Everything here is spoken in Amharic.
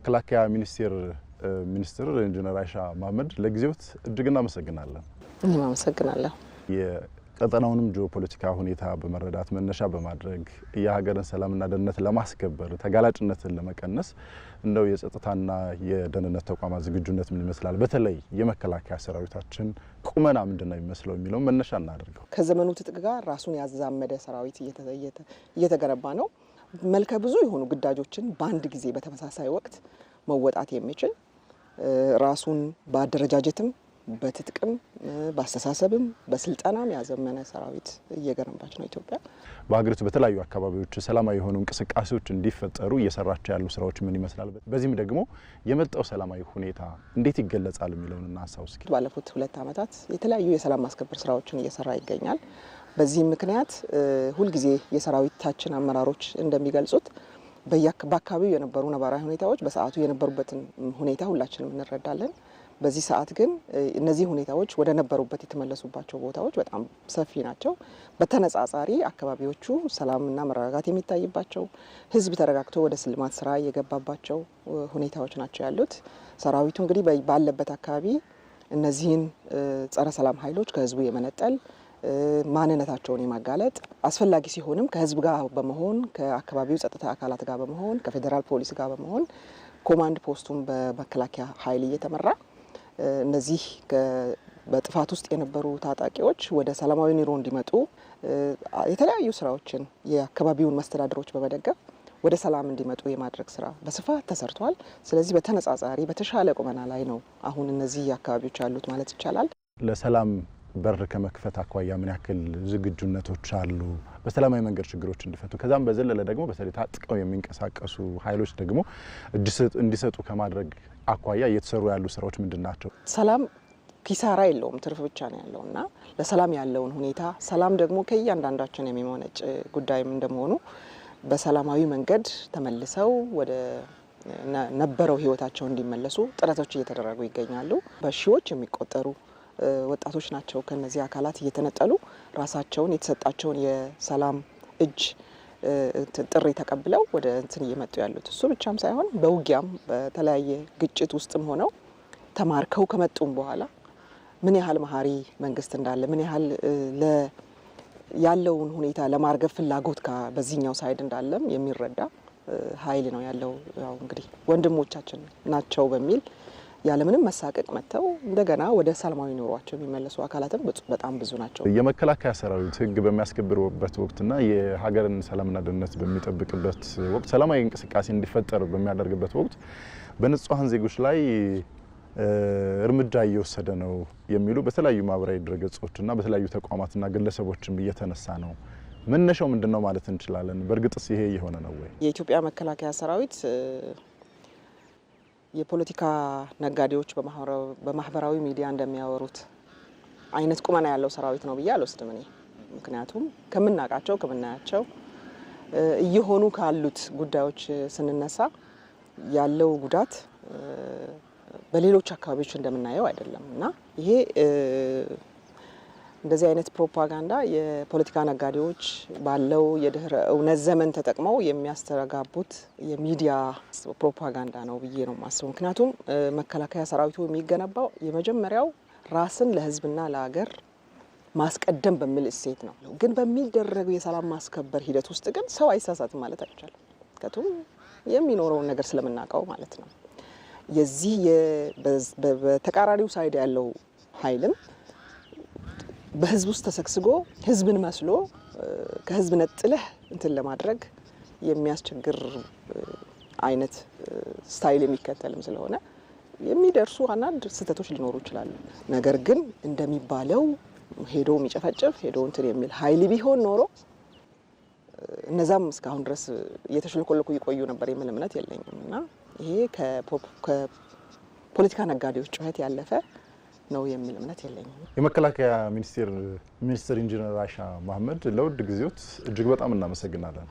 መከላከያ ሚኒስቴር ሚኒስትር ኢንጂነር አይሻ መሀመድ ለጊዜዎት እጅግ እናመሰግናለን። እኔም አመሰግናለሁ። የቀጠናውንም ጂኦፖለቲካ ሁኔታ በመረዳት መነሻ በማድረግ የሀገርን ሰላምና ደህንነት ለማስከበር ተጋላጭነትን ለመቀነስ እንደው የጸጥታና የደህንነት ተቋማት ዝግጁነት ምን ይመስላል፣ በተለይ የመከላከያ ሰራዊታችን ቁመና ምንድን ነው የሚመስለው የሚለው መነሻ እናደርገው። ከዘመኑ ትጥቅ ጋር ራሱን ያዛመደ ሰራዊት እየተገነባ ነው። መልከ ብዙ የሆኑ ግዳጆችን በአንድ ጊዜ በተመሳሳይ ወቅት መወጣት የሚችል ራሱን በአደረጃጀትም በትጥቅም በአስተሳሰብም በስልጠናም ያዘመነ ሰራዊት እየገነባች ነው ኢትዮጵያ። በሀገሪቱ በተለያዩ አካባቢዎች ሰላማዊ የሆኑ እንቅስቃሴዎች እንዲፈጠሩ እየሰራቸው ያሉ ስራዎች ምን ይመስላል? በዚህም ደግሞ የመጣው ሰላማዊ ሁኔታ እንዴት ይገለጻል የሚለውን እናሳውስ። ባለፉት ሁለት ዓመታት የተለያዩ የሰላም ማስከበር ስራዎችን እየሰራ ይገኛል። በዚህ ምክንያት ሁልጊዜ የሰራዊታችን አመራሮች እንደሚገልጹት በአካባቢው የነበሩ ነባራዊ ሁኔታዎች በሰዓቱ የነበሩበትን ሁኔታ ሁላችንም እንረዳለን። በዚህ ሰዓት ግን እነዚህ ሁኔታዎች ወደ ነበሩበት የተመለሱባቸው ቦታዎች በጣም ሰፊ ናቸው። በተነጻጻሪ አካባቢዎቹ ሰላምና መረጋጋት የሚታይባቸው፣ ህዝብ ተረጋግቶ ወደ ስልማት ስራ የገባባቸው ሁኔታዎች ናቸው ያሉት። ሰራዊቱ እንግዲህ ባለበት አካባቢ እነዚህን ጸረ ሰላም ኃይሎች ከህዝቡ የመነጠል ማንነታቸውን የማጋለጥ አስፈላጊ ሲሆንም ከህዝብ ጋር በመሆን ከአካባቢው ጸጥታ አካላት ጋር በመሆን ከፌዴራል ፖሊስ ጋር በመሆን ኮማንድ ፖስቱን በመከላከያ ኃይል እየተመራ እነዚህ በጥፋት ውስጥ የነበሩ ታጣቂዎች ወደ ሰላማዊ ኑሮ እንዲመጡ የተለያዩ ስራዎችን የአካባቢውን መስተዳድሮች በመደገፍ ወደ ሰላም እንዲመጡ የማድረግ ስራ በስፋት ተሰርቷል። ስለዚህ በተነጻጻሪ በተሻለ ቁመና ላይ ነው አሁን እነዚህ አካባቢዎች ያሉት ማለት ይቻላል። ለሰላም በር ከመክፈት አኳያ ምን ያክል ዝግጁነቶች አሉ በሰላማዊ መንገድ ችግሮች እንዲፈቱ ከዛም በዘለለ ደግሞ በተለይ ታጥቀው የሚንቀሳቀሱ ኃይሎች ደግሞ እንዲሰጡ ከማድረግ አኳያ እየተሰሩ ያሉ ስራዎች ምንድን ናቸው? ሰላም ኪሳራ የለውም፣ ትርፍ ብቻ ነው ያለው እና ለሰላም ያለውን ሁኔታ ሰላም ደግሞ ከእያንዳንዳችን የሚመነጭ ጉዳይም እንደመሆኑ በሰላማዊ መንገድ ተመልሰው ወደ ነበረው ህይወታቸው እንዲመለሱ ጥረቶች እየተደረጉ ይገኛሉ። በሺዎች የሚቆጠሩ ወጣቶች ናቸው ከነዚህ አካላት እየተነጠሉ ራሳቸውን የተሰጣቸውን የሰላም እጅ ጥሪ ተቀብለው ወደ እንትን እየመጡ ያሉት። እሱ ብቻም ሳይሆን በውጊያም በተለያየ ግጭት ውስጥም ሆነው ተማርከው ከመጡም በኋላ ምን ያህል መሀሪ መንግስት እንዳለ ምን ያህል ያለውን ሁኔታ ለማርገብ ፍላጎት በዚህኛው ሳይድ እንዳለም የሚረዳ ኃይል ነው ያለው። ያው እንግዲህ ወንድሞቻችን ናቸው በሚል ያለምንም መሳቀቅ መጥተው እንደገና ወደ ሰላማዊ ኑሯቸው የሚመለሱ አካላትም በጣም ብዙ ናቸው። የመከላከያ ሰራዊት ህግ በሚያስከብርበት ወቅትና የሀገርን ሰላምና ደህንነት በሚጠብቅበት ወቅት ሰላማዊ እንቅስቃሴ እንዲፈጠር በሚያደርግበት ወቅት በንጹሐን ዜጎች ላይ እርምጃ እየወሰደ ነው የሚሉ በተለያዩ ማህበራዊ ድረገጾችና በተለያዩ ተቋማትና ግለሰቦችም እየተነሳ ነው። መነሻው ምንድን ነው ማለት እንችላለን? በእርግጥስ ይሄ የሆነ ነው ወይ? የኢትዮጵያ መከላከያ ሰራዊት የፖለቲካ ነጋዴዎች በማህበራዊ ሚዲያ እንደሚያወሩት አይነት ቁመና ያለው ሰራዊት ነው ብዬ አልወስድም እኔ። ምክንያቱም ከምናውቃቸው ከምናያቸው እየሆኑ ካሉት ጉዳዮች ስንነሳ ያለው ጉዳት በሌሎች አካባቢዎች እንደምናየው አይደለም እና ይሄ እንደዚህ አይነት ፕሮፓጋንዳ የፖለቲካ ነጋዴዎች ባለው የድህረ እውነት ዘመን ተጠቅመው የሚያስተጋቡት የሚዲያ ፕሮፓጋንዳ ነው ብዬ ነው የማስበው። ምክንያቱም መከላከያ ሰራዊቱ የሚገነባው የመጀመሪያው ራስን ለህዝብና ለሀገር ማስቀደም በሚል እሴት ነው። ግን በሚደረገው የሰላም ማስከበር ሂደት ውስጥ ግን ሰው አይሳሳትም ማለት አይቻልም። ምክንያቱም የሚኖረውን ነገር ስለምናውቀው ማለት ነው። የዚህ በተቃራኒው ሳይድ ያለው ኃይልም በህዝብ ውስጥ ተሰግስጎ ህዝብን መስሎ ከህዝብ ነጥለህ እንትን ለማድረግ የሚያስቸግር አይነት ስታይል የሚከተልም ስለሆነ የሚደርሱ አንዳንድ ስህተቶች ሊኖሩ ይችላሉ። ነገር ግን እንደሚባለው ሄዶ የሚጨፈጭፍ ሄዶ እንትን የሚል ኃይል ቢሆን ኖሮ እነዛም እስካሁን ድረስ እየተሽለኮለኩ ይቆዩ ነበር የሚል እምነት የለኝም እና ይሄ ከፖለቲካ ነጋዴዎች ጩኸት ያለፈ ነው የሚል እምነት የለኝም። የመከላከያ ሚኒስቴር ሚኒስትር ኢንጂነር አሻ መሀመድ ለውድ ጊዜዎት እጅግ በጣም እናመሰግናለን።